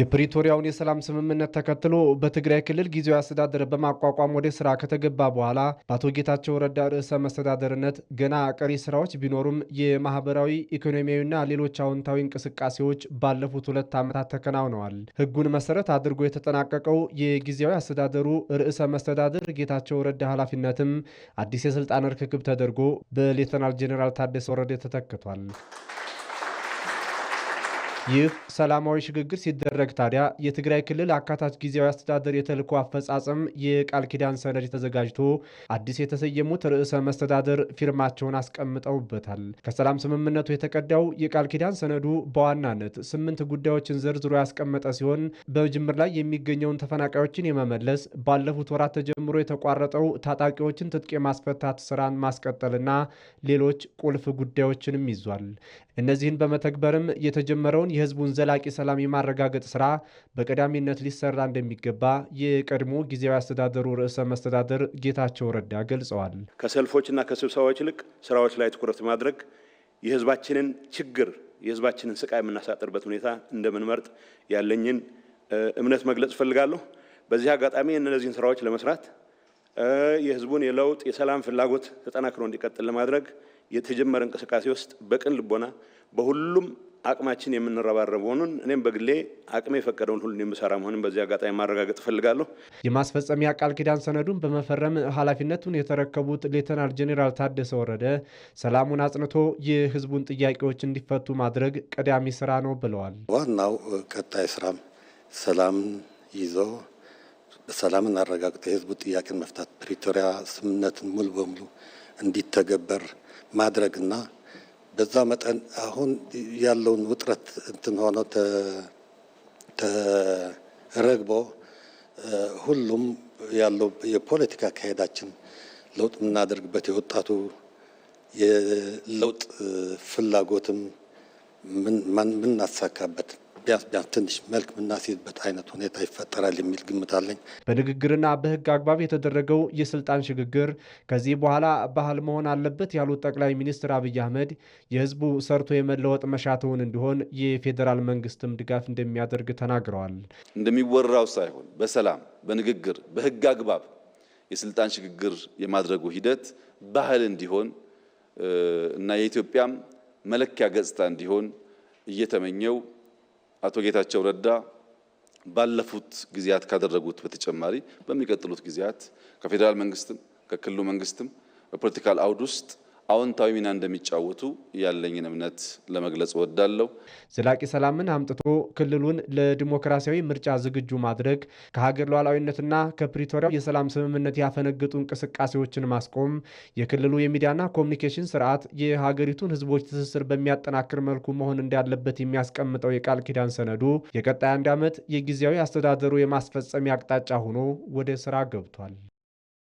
የፕሪቶሪያውን የሰላም ስምምነት ተከትሎ በትግራይ ክልል ጊዜያዊ አስተዳደር በማቋቋም ወደ ስራ ከተገባ በኋላ በአቶ ጌታቸው ረዳ ርዕሰ መስተዳደርነት ገና ቀሪ ስራዎች ቢኖሩም የማህበራዊ ኢኮኖሚያዊና ሌሎች አዎንታዊ እንቅስቃሴዎች ባለፉት ሁለት ዓመታት ተከናውነዋል። ህጉን መሰረት አድርጎ የተጠናቀቀው የጊዜያዊ አስተዳደሩ ርዕሰ መስተዳደር ጌታቸው ረዳ ኃላፊነትም አዲስ የስልጣን ርክክብ ተደርጎ በሌተናል ጄኔራል ታደሰ ወረደ ተተክቷል። ይህ ሰላማዊ ሽግግር ሲደረግ ታዲያ የትግራይ ክልል አካታች ጊዜያዊ አስተዳደር የተልኮ አፈጻጸም የቃል ኪዳን ሰነድ ተዘጋጅቶ አዲስ የተሰየሙት ርዕሰ መስተዳደር ፊርማቸውን አስቀምጠውበታል። ከሰላም ስምምነቱ የተቀዳው የቃል ኪዳን ሰነዱ በዋናነት ስምንት ጉዳዮችን ዘርዝሮ ያስቀመጠ ሲሆን በጅምር ላይ የሚገኘውን ተፈናቃዮችን የመመለስ ባለፉት ወራት ተጀምሮ የተቋረጠው ታጣቂዎችን ትጥቅ የማስፈታት ስራን ማስቀጠልና ሌሎች ቁልፍ ጉዳዮችንም ይዟል። እነዚህን በመተግበርም የተጀመረውን የህዝቡን ዘላቂ ሰላም የማረጋገጥ ስራ በቀዳሚነት ሊሰራ እንደሚገባ የቀድሞ ጊዜያዊ አስተዳደሩ ርዕሰ መስተዳደር ጌታቸው ረዳ ገልጸዋል። ከሰልፎችና ከስብሰባዎች ይልቅ ስራዎች ላይ ትኩረት ማድረግ የህዝባችንን ችግር የህዝባችንን ስቃይ የምናሳጥርበት ሁኔታ እንደምንመርጥ ያለኝን እምነት መግለጽ እፈልጋለሁ። በዚህ አጋጣሚ እነዚህን ስራዎች ለመስራት የህዝቡን የለውጥ የሰላም ፍላጎት ተጠናክሮ እንዲቀጥል ለማድረግ የተጀመረ እንቅስቃሴ ውስጥ በቅን ልቦና በሁሉም አቅማችን የምንረባረብ መሆኑን እኔም በግሌ አቅሜ የፈቀደውን ሁሉ የምሰራ መሆንም በዚህ አጋጣሚ ማረጋገጥ እፈልጋለሁ። የማስፈጸሚያ ቃል ኪዳን ሰነዱን በመፈረም ኃላፊነቱን የተረከቡት ሌተናል ጄኔራል ታደሰ ወረደ ሰላሙን አጽንቶ የህዝቡን ጥያቄዎች እንዲፈቱ ማድረግ ቀዳሚ ስራ ነው ብለዋል። ዋናው ቀጣይ ስራም ሰላምን ይዞ ሰላምን አረጋግጦ የህዝቡ ጥያቄን መፍታት ፕሪቶሪያ ስምምነትን ሙሉ በሙሉ እንዲተገበር ማድረግና በዛ መጠን አሁን ያለውን ውጥረት እንትን ሆኖ ተረግቦ ሁሉም ያለው የፖለቲካ አካሄዳችን ለውጥ የምናደርግበት የወጣቱ የለውጥ ፍላጎትም ምናሳካበት ቢያንስ ቢያንስ ትንሽ መልክ የምናስይዝበት አይነት ሁኔታ ይፈጠራል የሚል ግምት አለኝ። በንግግርና በህግ አግባብ የተደረገው የስልጣን ሽግግር ከዚህ በኋላ ባህል መሆን አለበት ያሉት ጠቅላይ ሚኒስትር አብይ አህመድ የህዝቡ ሰርቶ የመለወጥ መሻተውን እንዲሆን የፌዴራል መንግስትም ድጋፍ እንደሚያደርግ ተናግረዋል። እንደሚወራው ሳይሆን በሰላም በንግግር በህግ አግባብ የስልጣን ሽግግር የማድረጉ ሂደት ባህል እንዲሆን እና የኢትዮጵያም መለኪያ ገጽታ እንዲሆን እየተመኘው አቶ ጌታቸው ረዳ ባለፉት ጊዜያት ካደረጉት በተጨማሪ በሚቀጥሉት ጊዜያት ከፌዴራል መንግስትም ከክልሉ መንግስትም በፖለቲካል አውድ ውስጥ አዎንታዊ ሚና እንደሚጫወቱ ያለኝን እምነት ለመግለጽ እወዳለሁ። ዘላቂ ሰላምን አምጥቶ ክልሉን ለዲሞክራሲያዊ ምርጫ ዝግጁ ማድረግ ከሀገር ሉዓላዊነትና ከፕሪቶሪያው የሰላም ስምምነት ያፈነገጡ እንቅስቃሴዎችን ማስቆም፣ የክልሉ የሚዲያና ኮሚኒኬሽን ስርዓት የሀገሪቱን ህዝቦች ትስስር በሚያጠናክር መልኩ መሆን እንዳለበት የሚያስቀምጠው የቃል ኪዳን ሰነዱ የቀጣይ አንድ ዓመት የጊዜያዊ አስተዳደሩ የማስፈጸሚያ አቅጣጫ ሆኖ ወደ ስራ ገብቷል።